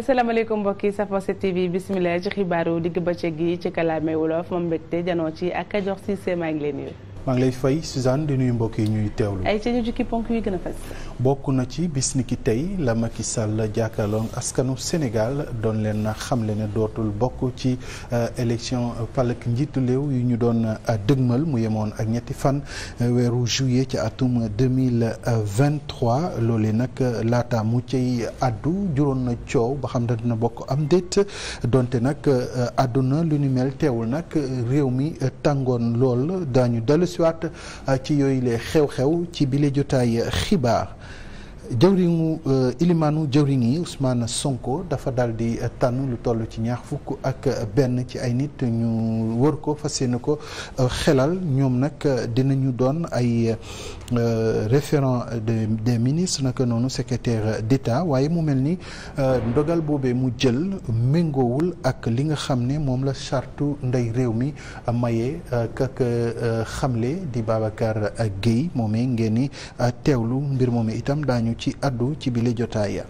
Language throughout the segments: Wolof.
asalaamaaleykum mbokk yi safo 7TV bisimilah ci xibaaru digg bëccëg gi ci kàllaamay wolof moom mbégte janoo ci ak Kajoor Cissé maa ngi leen nuyu. maa ngi lay fay Suzanne di nuyu mbokk yi ñuy teewlu. ay ca ñu jukki ponk yu gën bokk na ci bis tey la Macky Sall jàkkaarloon askanu Sénégal doon leen xamle ne dootul bokk ci euh, élection palak njiitu léew yu ñu doon euh, dëgmal mu yemoon ak ñetti fan euh, weeru juillet ci atum deux mille vingt-trois nag laata mu cay addu juróon na coow ba xam ne dina bokk am déet donte nag adduna lu ni mel teewul nag réew mi tàngoon lool daañu dal. dellusiwaat uh, ci yooyu les xew-xew ci bile jotaay xibaar jëwriñu eh, ilimaanu jëwriñ yi Ousmane Sonko dafa daal di eh, tànn lu toll ci ñaar fukk ak eh, benn ci ay nit ñu war ko fas yéene ko xelal ñoom nag dinañu doon ay référent de des ministres naka noonu secrétaire d'État waaye mu mel ni ndogal boobee mu jël méngoowul ak li nga xam ne moom la charte ndey réew mi maye kak xamle di Babacar Guèye moomee ngeen ni teewlu mbir moomee itam daañu ci addu ci bile jotaaya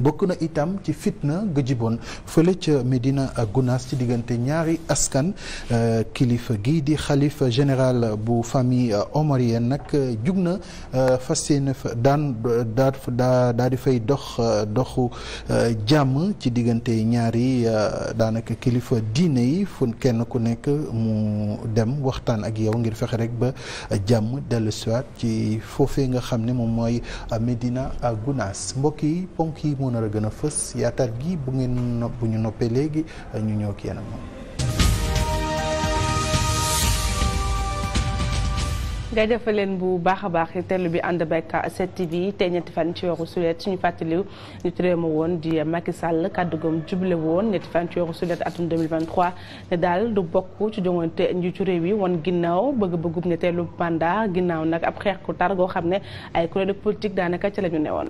bokk na itam ci fitna ga jiboon fële ca Medina Gunas ci diggante ñaari askan euh, kilifa gii di xalifa général bu famille euh, omarienne nag euh, jug na fas yéene fa daan daa daa di fay dox doxu jàmm ci diggante ñaari daanaka kilifa diine yi fu kenn ku nekk mu dem waxtaan ak yow ngir fexe rek ba jàmm dellu siwaat ci foofee nga xam ne moom mooy Medina Gunas mbokk yi ponk yi moo gën a fës yaatal gi bu ngeen bu ñu noppee léegi ñu ñëw ki yeneen leen bu baax a baax teelu bi ànd beeg 7TV tey ñetti fan ci weeru sulet suñu fàttali ma woon di Macky Sall kàddu goom woon ñetti fan ci weeru ne daal du bokk ci joŋante njiitu réew yi wan ginnaaw bëgg-bëggub ne teelu mandat ginnaaw nag ab xeex ku tar goo xam ne ay kuréelu politique daanaka ci la ñu newoon.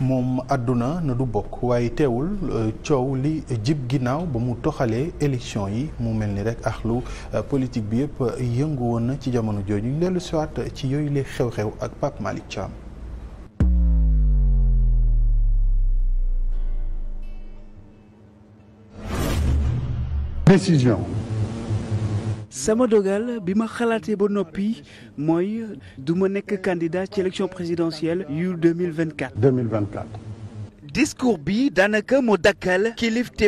moom àdduna na du bokk waaye teewul euh, coow li jib ginnaaw ba mu toxalee élection yi mu mel ni rek axlu euh, politique bi yëpp euh, yëngu woon na ci jamono jooju ñu dellu siwaat ci yooyu lee xew-xew ak Pape Malick Thiam sama dogal bi ma xalaatee ba noppi mooy du ma nekk candidat ci élection présidentielle yu 2024. 2024. discours bi daanaka mu dakkal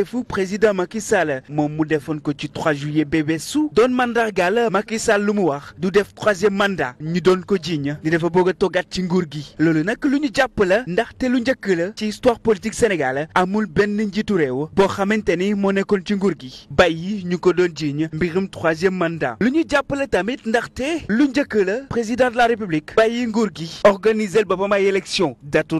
fu président Macky Sall moom mu defoon ko ci 3 juillet bébé su doon mandargaal Macky Sall lu mu wax du def troisième mandat ñu doon ko jiiñ ni dafa bëgg a toogaat ci nguur gi loolu nag lu ñu jàpp la ndaxte lu njëkk la ci histoire politique Sénégal amul benn njiitu réew boo xamante ni moo nekkoon ci nguur gi bàyyi ñu ko doon jiiñ mbirum troisième mandat lu ñu jàppale tamit ndaxte lu njëkk la président de la république bàyyi nguur gi organiser boppam ay élection datu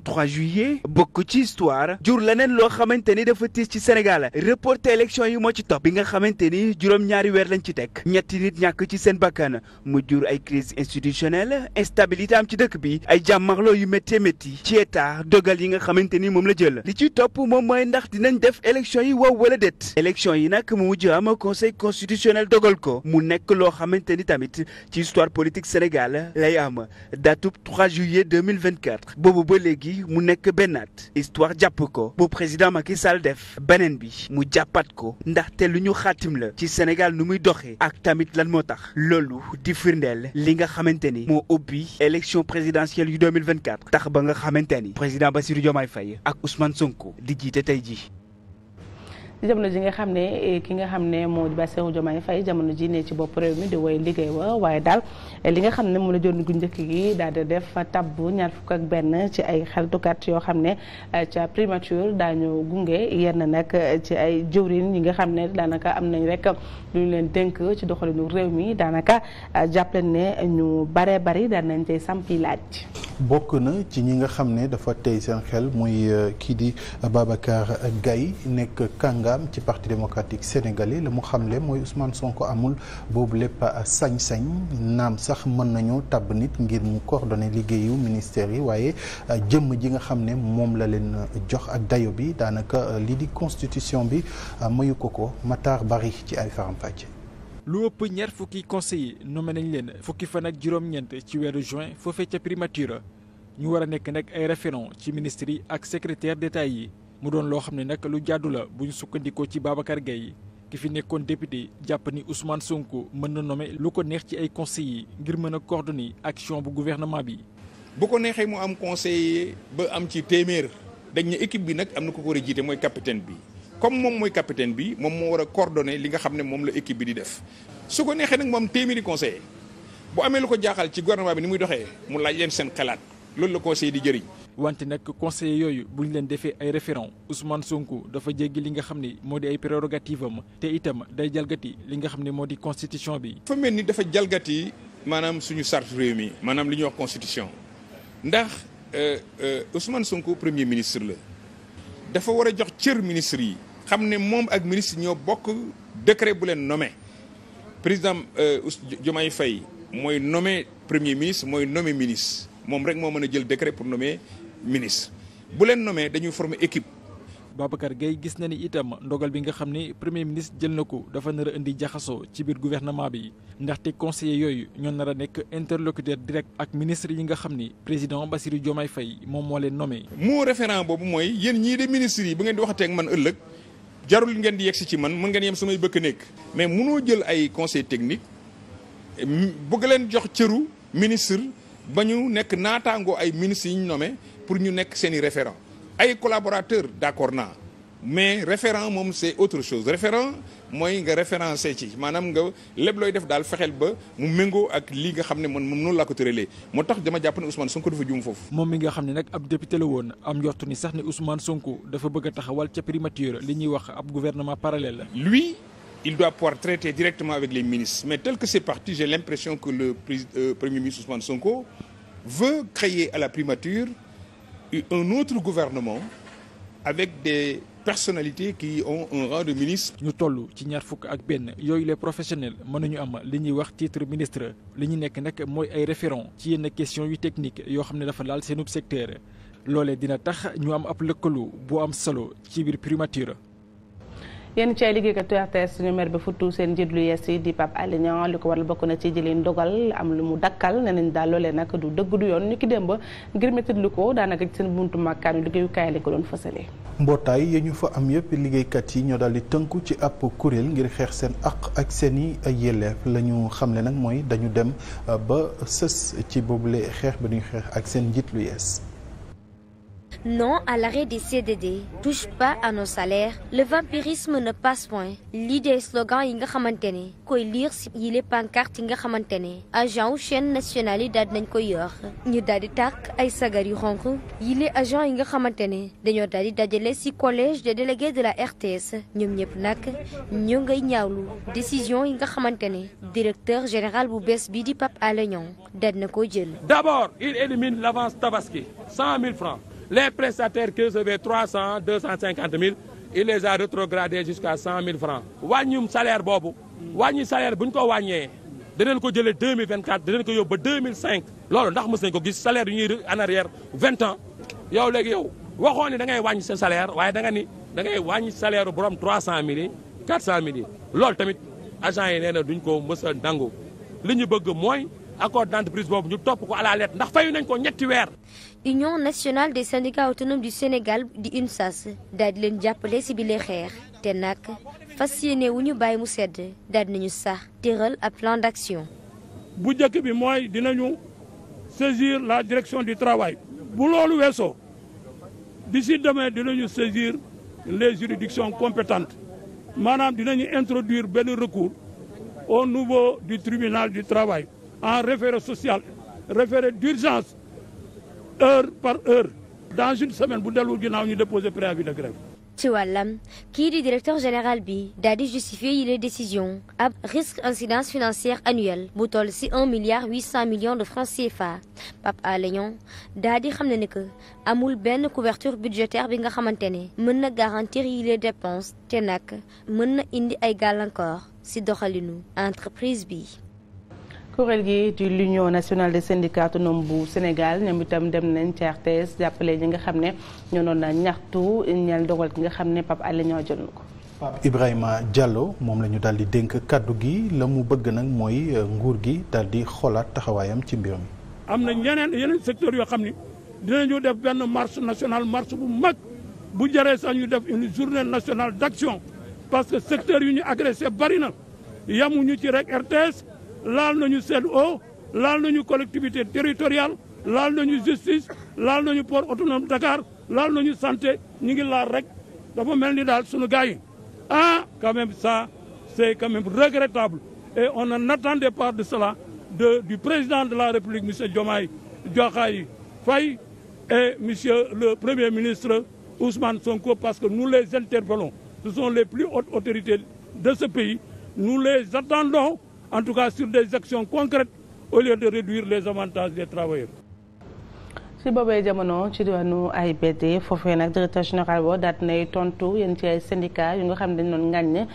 histoire jur leneen loo xamante ni dafa tiis ci Sénégal reporté élection yi moo ci topp bi nga xamante ni juróom-ñaari weer lañ ci teg ñetti nit ñàkk ci seen bakkan mu jur ay crise institutionnelle instabilité am ci dëkk bi ay jàmmaxloo yu métti métti ci état dogal yi nga xamante ni moom la jël li ci topp moom mooy ndax dinañ def élection yi waw wala déet élection yi nag mu wujj ama conseil constitutionnel dogal ko mu nekk loo xamante ni tamit ci histoire politique Sénégal lay am datub 3 juillet 2024 boobu ba léegi mu nekk bennaat histoire wax jàpp ko bu président Macky Sall def beneen bi mu jàppat ko ndaxte lu ñu xaatim la ci Sénégal nu muy doxee ak tamit lan moo tax loolu di firndeel li nga xamante ni moo ubbi élection présidentielle yu 2024 tax ba nga xamante ni président Bassirou Diomaye fay ak Ousmane Sonko di jiite tey ji jamono ji nga xam ne eh, ki nga xam ne moo di Bassirou Diomaye Faye jamono ji ne ci bopp réew mi di woy liggéey wa waaye daal eh, li nga xam ne a la jot gu njëkk gi daal di def tabb ñaar fukk ak benn ci ay xeltukat yoo xam ne eh, ca daa ñu gunge yenn nag ci ay jëwriñ yi nga xam ne daanaka am nañ rek lu ñu leen dénk ci doxalinu réew mi daanaka jàppale ne ñu baree bari daan nañ tey sampi laaj. bokk na ci ñi nga xam ne dafa tey seen xel muy kii di Babacar Gaye nekk kànga candidat ci parti démocratique sénégalais la mu xamle mooy Ousmane Sonko amul boobu lépp sañ-sañ naam sax mën nañoo tàbb nit ngir mu coordonner liggéeyu ministère yi waaye euh, jëmm ji nga xam ne moom la leen euh, jox ak dayo bi daanaka euh, li di constitution bi mayu ko ko Matar Bari ci ay faram-fàcce. lu ëpp ñaar fukki conseillers nommé nañ leen fukki fan ak juróom-ñeent ci weeru juin foofee ca primature ñu war a nekk nag ay référent ci ministres yi ak secrétaire d'État yi. mu doon loo xam ne nag lu jàddu la bu ñu sukkandikoo ci Babacar Gueye ki fi nekkoon député jàpp ni Ousmane Sonko mën na nome lu ko neex ci ay conseils ngir mën a coordonner action bu gouvernement bi. bu ko neexee mu am conseiller ba am ci téeméer dañ ne équipe bi nag am na ko ko war a jiite mooy capitaine bi comme moom mooy capitaine bi moom moo war a coordonner li nga xam ne moom la équipe bi di def su ko neexee nag moom am téeméeri conseiller bu amee lu ko jaaxal ci gouvernement bi ni muy doxee mu laaj leen seen xalaat loolu la conseil di jëriñ. wante nag conseillers yooyu bu ñu leen defee ay référent Ousmane Sonko dafa jéggi li nga xam ni moo di ay prérogative am te itam day jalgati li nga xam ne moo di constitution bi. dafa mel ni dafa jalgati maanaam suñu charte réew maanaam li ñuy wax constitution ndax euh, euh, Ousmane Sonko premier ministre la dafa war a jox cër ministre yi xam ne moom ak ministre ñoo bokk décret bu leen nommé président euh, Diomaye Faye mooy nommé premier ministre mooy nommé ministre moom rek moo mën a jël décret pour nommer ministre bu leen nommé dañuy former équipe. Babacar Gueye gis na ni itam ndogal bi nga xam ne premier ministre jël na ko dafa nar a indi jaxasoo ci biir gouvernement bi ndaxte conseillers yooyu ñoo nar a nekk interlocuteur direct ak ministre yi nga xam ni président Bassirou Diomaye fay moom moo leen nommé. moo référent boobu mooy yéen ñii de ministre yi bu ngeen di waxateeg man ëllëg jarul ngeen di yegsi ci man mën ngeen yem samay bëkk nekk. mais munoo jël ay conseil technique bëgg leen jox cëru ministre ba ñu nekk naataangoo ay ministres yi ñu nommé pour ñu nekk seen i référent ay collaborateur d'accord naa mais référent moom c'est autre chose référent mooy nga référencé ci maanaam nga lépp looy def daal fexeel ba mu méngoo ak lii nga xam ne man moom noonu laa ko tëralee moo tax dama jàpp ne Ousmane Sonko dafa juum foofu. moom mi nga xam ne nag ab député la woon am njortu ni sax ne Ousmane Sonko dafa bëgg a taxawal ca primature li ñuy wax ab gouvernement parallèle la. lui il doit pouvoir traiter directement les ministres mais tel que c'est parti j'ai l'impression que le pres euh, premier ministre Ousmane Sonko veut créer à un autre gouvernement avec des personnalités qui ont un rang de ministre. ñu toll ci ñaar fukk ak benn yooyu les professionnels mënuñu am li ñuy wax titre ministre li ñu nekk nag mooy ay référent ci yenn question yu technique yoo xam ne dafa laal seenub secteur loolee dina tax ñu am ab lëkkaloo bu am solo ci biir primature. yenn ci ay liggéeykatu RTS ñu mer ba futtu seen njiit lu yees yi di Pape Alé li ko waral bokk na ci jëlee ndogal am lu mu dakkal ne nañ daal loolee nag du dëgg du yoon ñu ki démb ngir métit lu ko daanaka seen buntu màkkaanu liggéeyukaay lañ ko doon fësalee mbootaay yi ñu fa am yëpp liggéeykat yi ñoo daal di tënku ci ab kuréel ngir xeex seen aq ak seen i yelleef la ñu xamle nag mooy dañu dem euh, ba sës ci boobule xeex ba ñuy xeex ak seen njiit Non à l'arrêt des CDD touche pas à nos salaires le vampirisme ne passe point lii des slogan yi nga xamante ne koy lire si yile pancarte yi nga xamante ne agent wu chaîne nationale yi daal di nañ koy yor ñu daal di tàkk ay sagar yu xonq yile agent yi nga xamante ne dañoo daal di dajale si collège des délégués de la RTS ñoom ñëpp nag ñoo ngay ñaawlu décision yi nga xamante ne directeur général bu bees bii di Pape Alé Niang daal na ko jël. D'abord il élimine l'avance les prestataires qui recevaient 300 250 000 il les a rétrogradés jusqu'à 100 000 francs wàññum salaire boobu wàññi salaire bu ñu ko wàññee danañ ko jëlee 2024 danañ ko yóbbu ba 2005 loolu ndax mës nañ ko gis salaire yu ñuy en arrière 20 ans yow léegi yow waxoon ni da ngay wàññi sa salaire waaye da nga ni da ngay wàññi salaire borom 300 000 yi 400 000 yi loolu tamit agent yi nee na duñ ko mës a nangu li ñu bëgg mooy accord d'entreprise boobu ñu topp ko à la lettre ndax fayu nañ ko ñetti weer union nationale des syndicats autonomes du Sénégal di UNSAS daal leen jàppale si bile xeex te nag fas yéene wu ñu bàyyi mu sedd daal di nañu sax tëral ab plan d'action. bu njëkk bi mooy dinañu saisir la direction du travail. bu loolu weesoo d'ici demain dinañu saisir les juridictions compétentes maanaam dinañu introduire benn recours au niveau du tribunal du travail en référé social référé d'urgence heure par heure dans une semaine bu dellu ginnaaw ñu déposer préavis de grève. ci wàllam kii di directeur général bi daal di justifier yi les décisions ab risque incidence financière annuelle bu toll si un milliard huit cent millions de francs CFA Pape Alé Niang daal di xam na ni que amul benn couverture budgétaire bi nga xamante ne mën na garantir yi les dépenses te nak mën na indi ay gàllankoor si doxalinu entreprise bi. kuréel gi di l'union nationale des syndicats autonomes bu Sénégal ñoom itam dem nañ ci RTS jàppale ñi nga xam ne ñoo doon na ñaxtu ñeel dogal ki nga xam ne Pape Alé ñoo jël ko. Pape Ibrahima Diallo moom la ñu daal di dénk kàddu gi la mu bëgg nag mooy euh, nguur gi daal di xoolaat taxawaayam ci mbir mi. am na yeneen yeneen secteurs yoo xam ni dinañu def benn marche national marche bu mag bu jëree sax ñu def une journée nationale d' parce que secteurs yu ñu agressé bari na laal nañu SED'Eau laal nañu collectivité territoriale laal nañu justice laal nañu port autonome Dakar laal nañu santé ñu ngi laal rek dafa mel ni daal sunu gars yi ah quand ça c'est quand même regrettable et on n'attendait pas de cela de du président de la République monsieur Diomaye Diakhar Faye et monsieur le Premier ministre Ousmane Sonko parce que nous les interpellons ce sont les plus hautes autorités de ce pays nous les attendons en tout cas sur des actions concrètes au lieu de réduire les avantages des travailleurs. ci boobee jamono ci ay AIBD foofee nag directeur général ba daat nay tontu yéen ci ay syndicat yu nga xam ne dañu doon ngàññ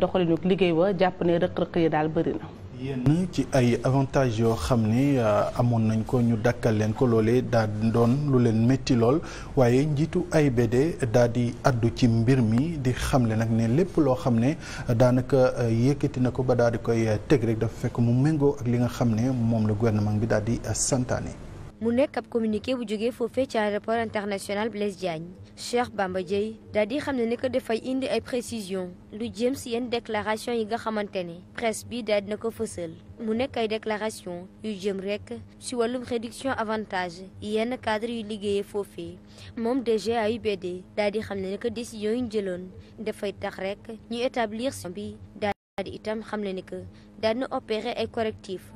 doxalinu liggéey ba jàpp ne rëq-rëq yi daal bëri na. yenn ci ay avantages yoo xam ne euh, amoon nañ ko ñu dakkal leen ko loolee daa doon lu leen métti lool waaye njiitu ay AIBD daa di addu ci mbir mi di xamle nag ne lépp loo xam ne euh, daanaka euh, yëkkati na ko ba daa di koy teg rek dafa fekk mu méngoo ak li nga xam ne moom la gouvernement bi daal di santaane. mu nekk ab communiqué bu jógee foofee ci aéroport international Blaise Diagne Cheikh Bamba Dièye daal di xam ne ni dafay indi ay précisions lu jëm si yenn déclaration yi nga xamante ne presse bi daal dina ko fësal mu nekk ay déclaration yu jëm rek si wàllum réduction avantage yenn cadre yu liggéeyee foofee moom DG AIBD daal di xam ne ni ko décision yu ñu jëloon dafay tax rek ñu établir bi daal di itam xam ne ni que daal na ay correctifs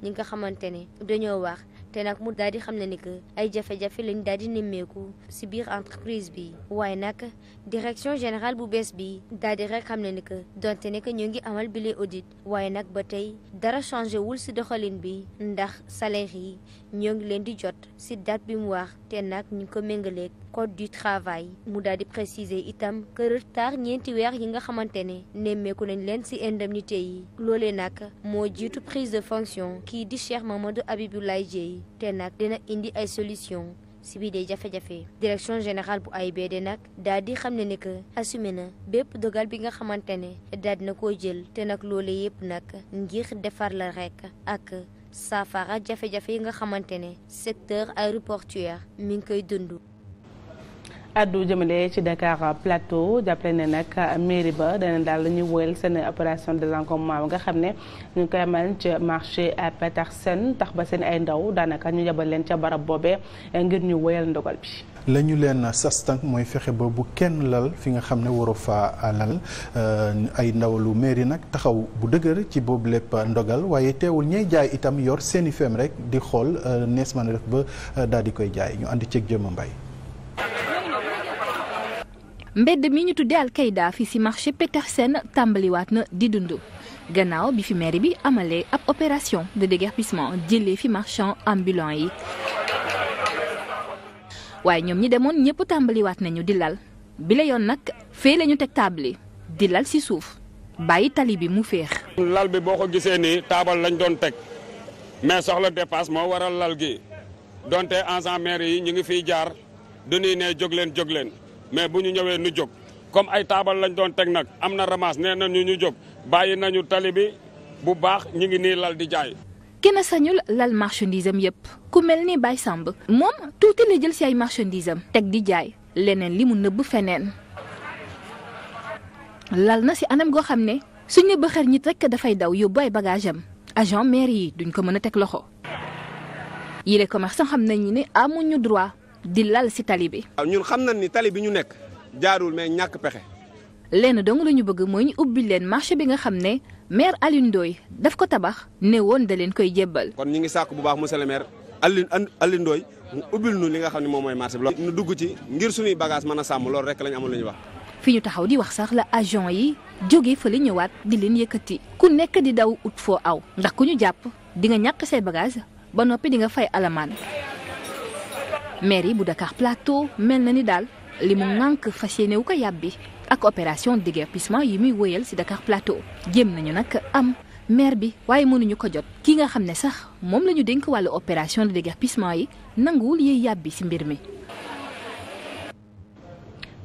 ñi nga xamante ne dañoo wax te nag mu daal di xam ne ni que ay jafe-jafe lañ daal di nemmeeku si biir entreprise bi waaye nag direction générale bu bees bi daal di rek xam ne ni que donte ne que ñoo ngi amal bile audit waaye nag ba tey dara changé wul si doxalin bi ndax salaire yi ñoo ngi leen di jot si date bi mu wax te nag ñu ko méngaleeg code du travail mu daal di préciser itam que retard ñeenti weer yi nga xamante ne nemmeeku nañ leen ci indemnité yi loolee nag moo jiitu prise de fonction kii di Cheikh Mamadou lay Dièye te nag dina indi ay solution si bii dee jafe-jafe direction générale bu AIBD nag daal di xam ne ne que assumé na bépp dogal bi nga xamante ne daal dina ko jël te nag loole yépp nag ngir defar la rekk ak saafara jafe-jafe yi nga xamante ne secteur aéroportuaire mi ngi koy dund. addu jëmale ci a Plateau jàppale ne nag mairie ba dana daal la ñuy woyal seen opération désencombrement ba nga xam ne ñu koy amal ci marché à Petersen tax ba seen ay ndaw daanaka ñu yabal leen ca barab boobee ngir ñu woyal ndogal bi. la ñu leen sas tànk mooy fexe ba bu kenn lal fi nga xam ne waru faa euh, lal euh, ay ndawalu lu mairie nag taxaw bu dëgër ci boobu lépp ndogal waaye teewul ñay jaay itam yor seeni feem rek di xool euh, nees man def ba daal koy jaay ñu ànd ceeg jëmm mbay. mbedd mi ñu tuddee Alkaïda fi ci marché Petersen tàmbaliwaat na di dund gannaaw bi fi mairie bi amalee ab opération de déguerpissement jëlee fi marchand ambulant yi waaye ñoom ñi demoon ñëpp tàmbaliwaat nañu di lal bila yoon nag fee la ñu teg table yi di lal ci suuf bàyyi tali bi mu féex. lal bi boo ko gisee nii taabal lañ doon teg mais soxla dépasse moo waral lal gi donte agent maire yi ñu ngi fiy jaar du ñuy ne jóg leen jóg leen mais bu ñu ñëwee nu jóg comme ay taabal lañ doon teg nag am na ramas nee na ñu ñu jóg bàyyi nañu tali bi bu baax ñu ngi nii lal di jaay. kenn sañul lal marchandise am yëpp ku mel ni Baye Samb moom tuuti la jël si ay marchandise teg di jaay leneen li mu nëbb feneen lal na si anam goo xam ne suñ ne bëxër ñit rekk dafay daw yóbbu ay bagage am agent maire yi duñ ko mën a teg loxo yile commerçant xam nañu ne amuñu droit. di lal si tali bi. waaw ah, ñun xam nañ ni tali bi ñu nekk jaarul mais ñàkk pexe. lenn dong la ñu bëgg mooy ñu ubbi leen marché bi nga xam ne maire alindooy Ndoye daf ko tabax ne woon da leen koy jebbal kon ñu ngi sàkk bu baax monsieur le maire Alioune Alioune Ndoye mu ubbil nu li nga xam ne moom mooy marché bi. ñu dugg ci ngir suñuy bagage mën a sàmm loolu rek lañ amul lu ñuy wax. fi ñu taxaw di wax sax la agent yi jóge fa li ñëwaat di leen yëkkati. ku nekk di daw ut foo aw. ndax ku ñu jàpp di nga ñàkk say bagage ba noppi di nga fay alamaan. maire yi bu Dakar Plateau mel na ni daal li mu ŋànk fas yéene wu ko yàbbi ak opération déguerpissement yi muy woyal ci Dakar Plateau jéem nañu nag am maire bi waaye mënuñu ko jot ki nga xam ne sax moom la ñu dénk wàllu opération de déguerpissement yi nanguwul yi yàbbi ci mbir mi.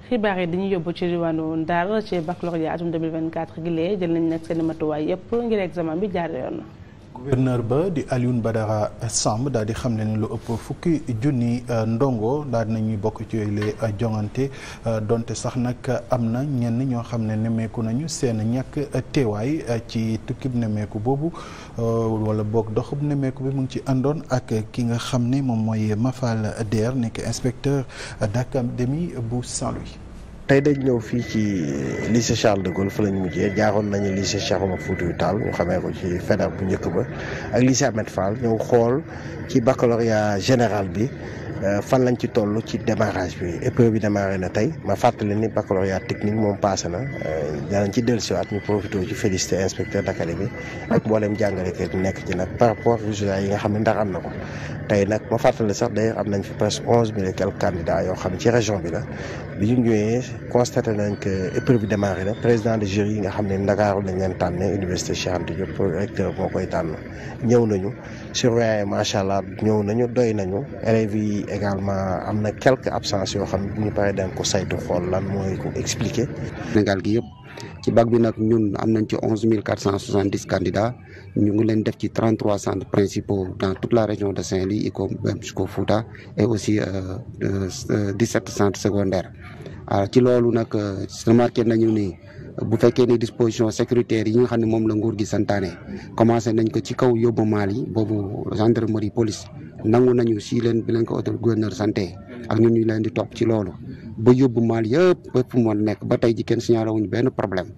xibaar yi dañuy yóbbu ci diwaanu Ndar ci baccalauréat atum 2024 gi jël nañ nag seen matuwaay yëpp ngir examen bi jaar yoon. gouverneur ba di Alioune Badara Samb daal di xam ne lu ëpp fukki junni euh, ndongo daal ñuy bokk ci yooyu lee euh, jongante euh, donte sax nag am na ñenn ñoo xam ne nemmeeku nañu seen ñàkk teewaay ci tukkib nemmeeku boobu wala boog doxub nemmeeku bi mu ngi ci àndoon ak ki nga xam ne moom mooy Mafal Der nekk inspecteur d'académie bu Saint-Louis tey dañ ñëw fii ci lycée Charles de Gaulle fa lañ mujjee jaaroon nañu lycée Cheikh Oumar Foutiyou Tall ñu xamee ko ci FEDER bu njëkk ba ak lycée Ahmed Fall ñëw xool ci baccalauréat général bi Euh, fan lañ ci toll ci démarrage bi épreuve bi démarré na tey ma fàttale ni baccalauréat technique moom passé na euh, danañ ci dellusiwaat ñu profité ci félicité inspecteur d'académie bi ak mboolem jàngalekat yi nekk ci nag par rapport résultats yi nga xam ne ndax am na ko tey nag ma fàttali sax d'ailleurs am nañ fi presque onze mille et quelques candidats yoo xam ci région bi na bi ñu ñëwee constaté nañ que épreuve bi démarré na président de jury yi nga xam ne Ndakaaru lañ leen tànne université Cheikh Anta Diop koy tànn ñëw nañu surveillant macha allah ñëw nañu doy nañu élèves également am na quelques absences yoo xam ne bu ñu paree dañ ko saytu xool lan mooy ko expliquer. Sénégal gi yëpp ci bac bi nag ñun am nañ ci onze mille quatre cent soixante dix candidats ñu ngi leen def ci trente trois centres principaux dans toute la région de Saint-Louis y ko jusqu'au Fouta et aussi euh, euh, dix sept centres secondaires alors ci loolu nag euh, remarqué nañu ni. bu fekkee ne disposition sécuritaire yi nga xam ne moom la nguur gi santaane commencé nañ ko ci kaw yóbbu maal yi boobu gendarmerie police nangu nañu si leen bi leen ko oto gouverneur santé ak ñun ñu leen di topp ci loolu ba yóbbu maal yëpp ba fu mu nekk ba tey ji kenn signalé benn problème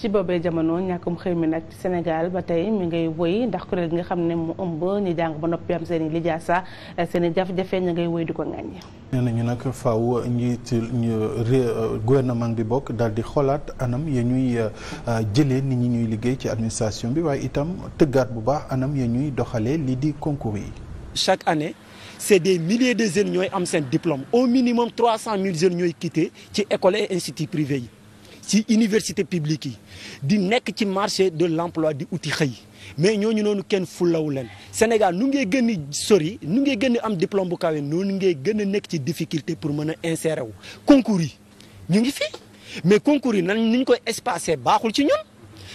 ci boobee jamono ñàkkum xëy mi nag Sénégal ba tey mi ngay wëy ndax kuréel gi nga xam ne mu ëmb ñi jàng ba noppi am seen i lijaasa seen i jafe ña ngay wëy di ko ŋàññi. nee ñu nag faaw njiit ñu gouvernement bi bokk daal di xoolaat anam ya ñuy euh, jëlee nit ñi ñuy liggéey ci administration bi waaye itam tëggaat bu baax anam ya ñuy doxalee lii di concours yi. chaque année. c'est des milliers de jeunes ñooy am seen diplôme au minimum trois cent mille jeunes ñooy quitté ci école et institut privé yi ci université publique yi di nekk ci marché de l'emploi di uti xëy mais ñooñu noonu kenn fulawu leen Sénégal nu ngay gën a sori nu ngay gën a am diplôme bu kawe noonu ngay gën a nekk ci difficulté pour mën a insérer wu concours yi ñu ngi fii mais concours yi nan ni ñu koy espacé baaxul ci ñun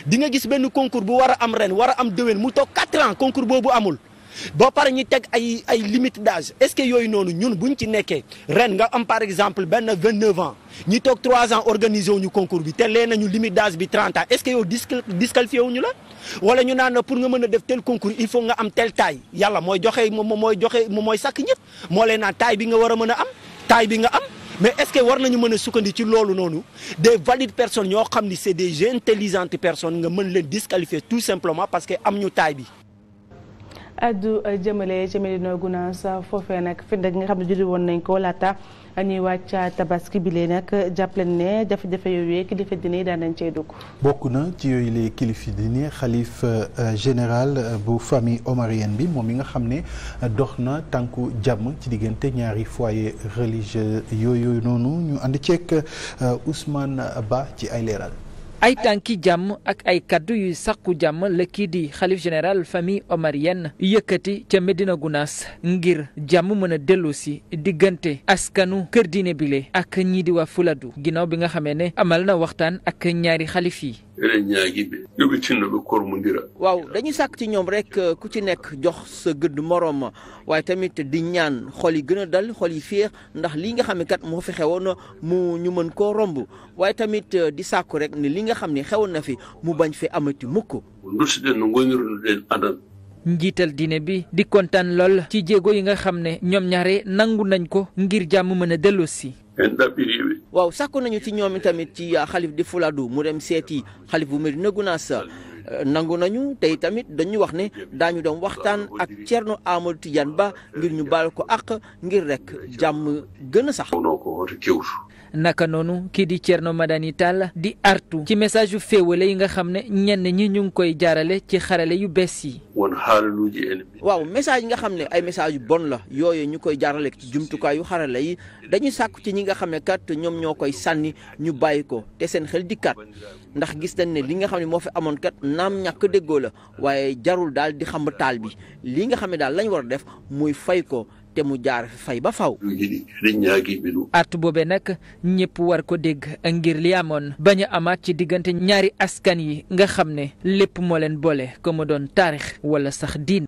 dinga gis benn concours bu war a am ren war a am déwén mu toog 4 ans concours boobu amul boo pare ñu teg ay ay limite d'âge est-ce que yooyu noonu ñun buñ ci nekkee ren nga am par exemple benn vingt-neuf ans ñi toog trois ans organiser wu ñu concours bi te lee nañu limite d'âge bi trente ans est-ce yow disqualifié wu la wala ñu naan pour nga mën a def tel concours il faut nga am tel taille yàlla mooy joxe moom mooy joxe moom mooy sàkk ñëpp moo leen naan taille bi nga war a mën a am taille bi nga am mais est war nañu mën a sukkandi ci loolu noonu des valides personnes ñoo xam ni c'est des intelligentes personnes nga mën leen disqualifier tout simplement parce que am ñu addu eh, jëmale ci Medina Gounass eh, foofee nag fi nag nga xam ne judi woon nañ ko laata ñuy wàcca tabaski bi lee nag jàppaleen ne jafe-jafe yooyu kilifa dine daan nañ cey dugg bokk na ci yooyu lee kilifa dine xalif eh, général bu famille omarienne bi moom yi nga xam ne dox na tànku jàmm ci diggante ñaari foyer religieux yooyu noonu ñu ànd ceeg Ousmane Ba ci ay leeral ay tànki jàmm ak ay kàddu yuy sàkku jàmm la kii di xalif général famille omarienne yëkkati ca Medina Gounass ngir jàmm mën a dellu si diggante askanu kër diine bile ak ñii di waa Fuladu ginnaaw bi nga xamee ne amal na waxtaan ak ñaari xalif yi waaw dañuy sàkk ci ñoom rek euh, ku ci nekk jox sa gëdd moroom waaye tamit di ñaan xol yi gën a dal xol yi féex ndax lii nga xam ne kat moo fi xewoon mu ñu mën koo romb waaye tamit euh, di sàkku rek ne li nga xam ni xewoon na fi mu bañ fi amati mukk njiital diine bi di kontaan lool ci jéego yi nga xam ne ñoom ñaare nangu nañ ko ngir jàmm mën a dellu si waaw sàkku nañu ci ñoom tamit ci ah, xalif di Fuladu mu dem seeti xalif bu naa Gunaas euh, nangu nañu tey tamit dañu wax ne daañu dem waxtaan ak Thierno Amadou Tidiane Ba ngir ñu baal ko àq ngir rekk jàmm gën a sax. naka noonu kii di Thierno Madani Tall di artu ci message yu féewale yi nga xam ne ñenn ñi ñu ngi koy jaarale ci xarale yu bees yi. waaw message yi nga xam ne ay message yu bon la yooyu ñu koy jaarale ci jumtukaayu xarale yi dañuy sàkku ci ñi nga xam ne kat ñoom ñoo koy sànni ñu bàyyi ko te seen xel di kat ndax gis nañ ne li nga xam ne moo fi amoon kat naam ñàkk déggoo la waaye jarul daal di xam taal bi li nga xam ne daal lañu war a def muy fay ko. te mu jaar fay ba faw at boobe nag ñëpp war ko dégg ngir li amoon bañ amaat ci diggante ñaari askan yi nga xam ne lépp moo leen boole ko ma doon taarix wala sax diin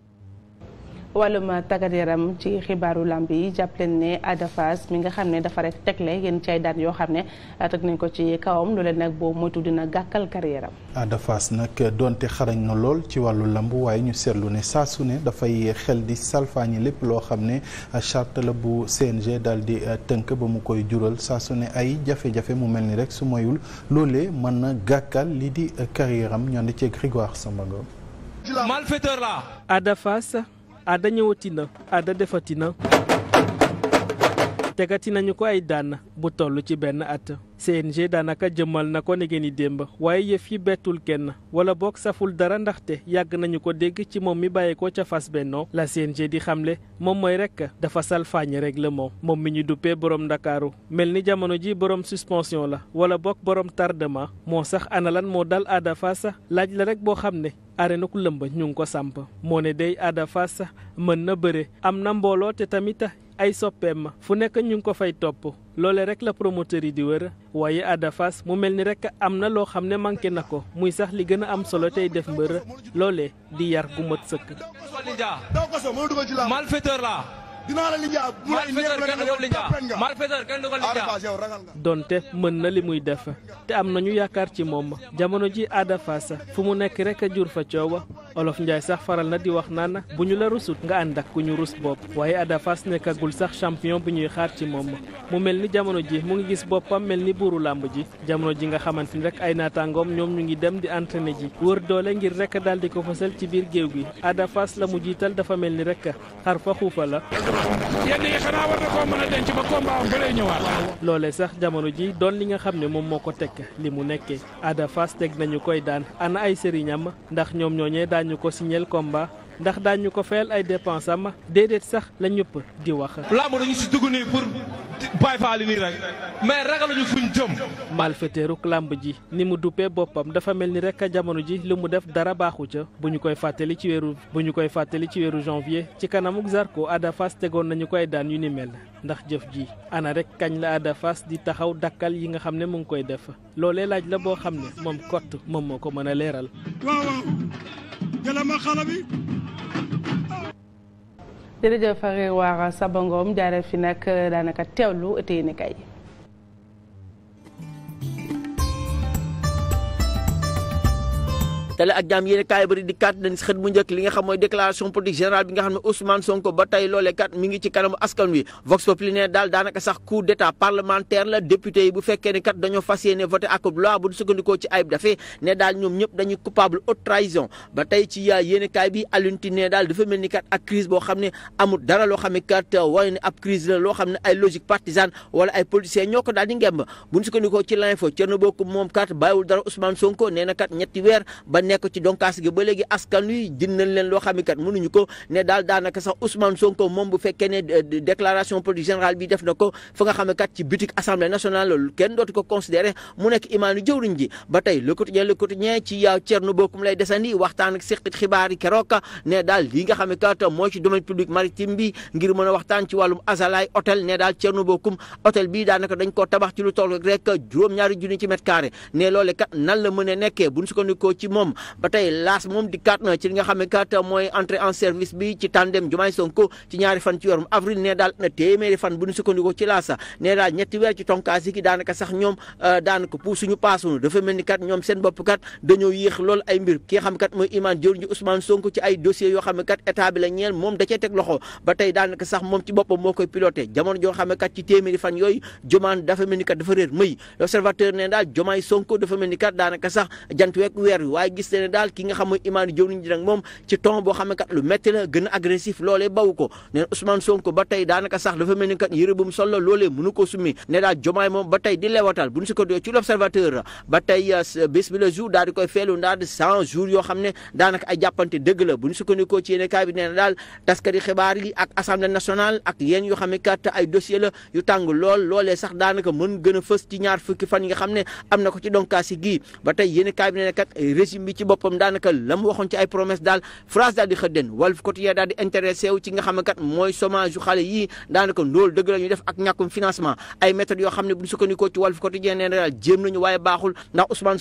wàllum tàggat yaram ci xibaaru lamb yi jàpp leen ne Ada mi nga xam ne dafa rek tegle yéen ci ay yoo xam ne ah, teg nañ ko ci kawam loolee nag boo moytu dina gàkkal carrière am. Ada nag donte xarañ na lool ci wàllu lamb waaye ñu seetlu ne saa su ne dafay xel di salfaañi lépp loo xam ne ah, charte la bu CNG daal di ah, tënk ba mu koy jural saa su ne ay jafe-jafe mu mel ni rek su mayul loolee mën na gàkkal li di carrière am ñoo ne ci Grégoire Sambangom. malfaiteur aada ñëwati na aada defati na tegati nañu ko ay daan bu toll ci benn at CNG daanaka jëmmal na ko negeen i démb waaye yëf yi bettul kenn wala boog saful dara ndaxte yàgg nañu ko dégg ci moom mi bàyyeekoo ca fas bennoo la CNG di xamle moom mooy rek dafa sal salfaañe règlement moom moom mi ñu duppee borom ndakaaru mel ni jamono ji borom suspension la wala boog borom tardement moo sax analan moo dal aadafa sax laaj la rek boo xam ne na ku lëmba ñu ngi ko samp moo ne day Ada Fass mën na bëre am na mbooloo tamit ay soppeem fu nekk ñu ngi ko fay topp loole rek la promoteur yi di wër waaye Ada Fass mu mel ni rek am na loo xam ne manqué na ko muy sax li gën a am solo tey def mbër loole di yar gu mat sëkk. malfaiteur la dinaa la donte mën na li muy def te am nañu yaakaar ci moom jamono ji Ada Fass fu mu nekk rek a jur fa coowa Olof Njaay sax faral na di wax naan bu ñu la rusut nga ànd ak ku ñu rus bopp waaye Ada Fass nekkagul sax champion bu ñuy xaar ci moom mu mel ni jamono ji mu ngi gis boppam mel ni buuru làmb ji jamono ji nga xamante ni rek ay naataangoom ñoom ñu ngi dem di entraîné ji wër doole ngir rek daal di ko fësal ci biir géew gi Ada la mu jiital dafa mel ni rek xar la yenn yi xanaa war na koo mën denc ba combat ba lay ñëwaat. loolee sax jamono ji doon li nga xam ne moom moo ko tekk li mu nekkee adafas teg nañu koy daan ana ay sëriñam ndax ñoom ñooñee daañu ko signel combat ndax daañu ko fayal ay dépense am déedéet sax la ñëpp di wax. làmb dañu si dugg nii pour. Baye Fall yi nii rek mais ragaluñu fuñ jëm. malfaiteeru làmb ji ni mu duppee boppam dafa mel ni rek jamono ji li mu def dara baaxu ca bu ñu koy fàttali ci weeru bu ñu koy fàttali ci weeru janvier ci kanamuk Zarko adafas tegoon nañu koy daan yu ni mel ndax jëf ji ana rek kañ la Ada di taxaw dakkal yi nga xam ne mu ngi koy def loolee laaj la boo xam ne moom kott moom moo ko mën a leeral. waaw waaw jëlal jërëjëf Rewa Saba Ngom jaaree fi nag daanaka teewlu ëtt yi kay. tele ak jaam yéen kaay bari di kat nañ si xët mu njëkk li nga xam mooy déclaration politique bi nga xam ne Sonko ba tey loolee kat mi ngi ci kanamu askan wi Vox Populi ne daal daanaka sax coup d'état parlementaire la député yi bu fekkee ne kat dañoo fas yéene ak loi bu sukkandikoo ci ayib dafee ne daal ñoom ñëpp dañuy coupable haute trahison ba tey ci yéen kaay bi Alioune Tine daal dafa mel ni kat ak crise boo xam ne amul dara loo xa ne kat loo xam ne ay logique partisane wala ay politiciens ñoo ko daal di ngemb bu sukkandikoo ci l'info Thierno Bocoum moom nekk ci donkaas gi ba léegi askan wi dinañ leen loo xam ne kat mënuñu ko ne daal daanaka sax Ousmane Sonko moom bu fekkee ne euh, déclaration politique générale bi def na ko fa nga xam ne kat ci bitik assemblée national loolu kenn dootu ko considéré mu nekk imaanu jëwriñ ji ba tey le quotidien le quotidien ci yaaw Thierno Bocoum lay desandi waxtaan ak seqit xibaar yi ne daal lii nga xam ne kat moo ci domaine public maritime bi ngir mën a waxtaan ci wàllum Azalaï hôtel ne daal Thierno Bocoum hôtel bii daanaka dañ koo tabax ci lu toll rek juróom-ñaari junni ci mètre carré ne loole kat nan la mën a nekkee bu ñu sukkandikoo ba tey laas moom dikkaat na ci li nga xam ne kat mooy entrée en service bi ci tandem Diomaye Sonko ci ñaari fan ci yorom avril nee daal na téeméeri fan bu ñu sukkandikoo ci laasa nee euh, dafa mel ni kat ñoom seen bopp kat dañoo yéex lool ay mbir ki nga xam kat mooy imaan jëwriñ ji Ousmane Sonko ci ay dossiers yoo ne kat état bi moom da cee teg loxo ba tey daanaka sax moom ci boppam koy piloté jamono joo xam ne kat ci téeméeri fan yooyu jomaan dafa mel ni kat dafa réer mëy l'observateur nee daal Diomaye Sonko dafa mel ni kat daanaka sax jant week weer waaye gis gis ne daal mooy imaani jëwriñ ji moom ci ton boo xam kat lu métti gën agressif loolee baw ko neen Ousmane Sonko ba tey daanaka sax dafa mel kat yëre euh, yoo xam ne ay jàppante yoo xam lool loolee sax daanaka mën gën a fës ñaar fukki fan yi ne am na ko ci donkaasi gii ba tey yéene bi nee kat régime bi ci boppam daanaka la mu waxoon ci ay promesse daal France daal di xëddeen Walf Quotidien daal di intéressé wu ci nga xam ne kat mooy chômage yu xale yii daanaka def ak ñàkkum financement ay méthodes yoo xam ne bu ñu sukkandikoo ci Walf Quotidien nee na daal jéem nañu waaye baaxul ndax Ousmane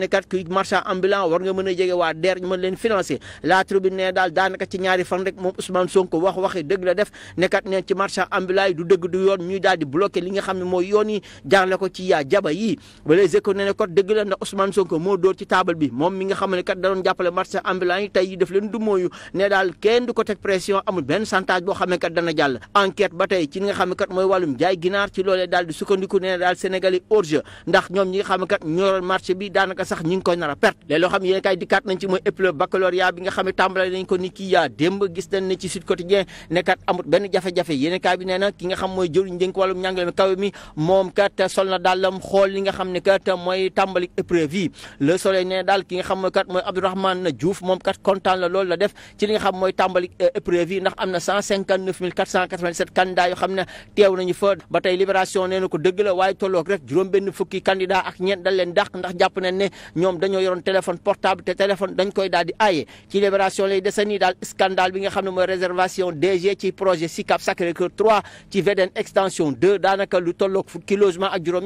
ne kat kuy marchand a jege waa DER ñu mën leen financer la tribune nee daal daanaka ci dëgg la def daal di bloqué li nga xam ne mooy yoon yi jaarle ko ci yaa jaba yii ba les économies ne kat dëgg la ndax Ousmane Sonko moo dóor ci taabal bi moom nga xam ne kat da doon jàppale marchés ambulants yi tey du mooyu ne daal kenn du ko pression amul boo xam ne kat dana jàll enquête ba tey xam ne kat mooy wàllum jaay ginaar ci xam ne kat ñoroon marché bi daanaka sax ñi ngi koy a perte léegi le soleil ne daal ki nga xam xam mooy kat mooy Abdourahmane Diouf moom kat kontaan la loolu la def ci xam mooy tàmbali euh, épreuve ndax am na 159 487 candidats yoo xam ne teew nañu fa ba tey libération na ko dëgg la waaye tolloog rek juróom benn fukki ñoom dañoo yoroon téléphone portable te téléphone dañ koy daal di ci libération lay dese daal scandale bi nga xam ne mooy réservation DG ci projet SICAP Sacré-Cœur 3 ci VDN extension 2 daanaka lu tolloog fukki logement ak juróom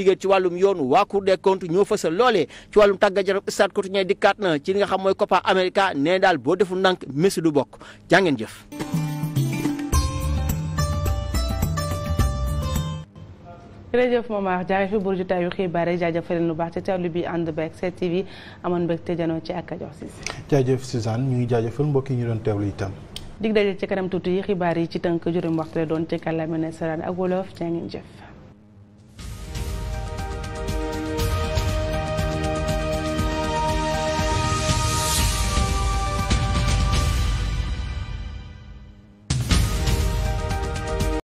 liggéey ci wàllum yoon waa Cour des comptes ñoo fësal loolee ci wàllum tàggat yaram stade quotidien dikkaat na ci nga xam mooy Copa America ne daal boo deful nank Messi du bokk jàngeen jëf jërëjëf Momar Diaye fi buur jotaayu xibaar yi jaajëfal leen lu baax ci teewlu bi ànd beeg 7TV amoon ci ak Kajoor Cissé. jaajëf Suzanne ñu ngi jaajëfal mbokk yi ñu doon teewlu itam. dig daje ci kanam tuuti yi xibaar yi ci tënk juróom waxtu la doon ci kàllaame nasaraan ak wolof jaa ngeen jëf.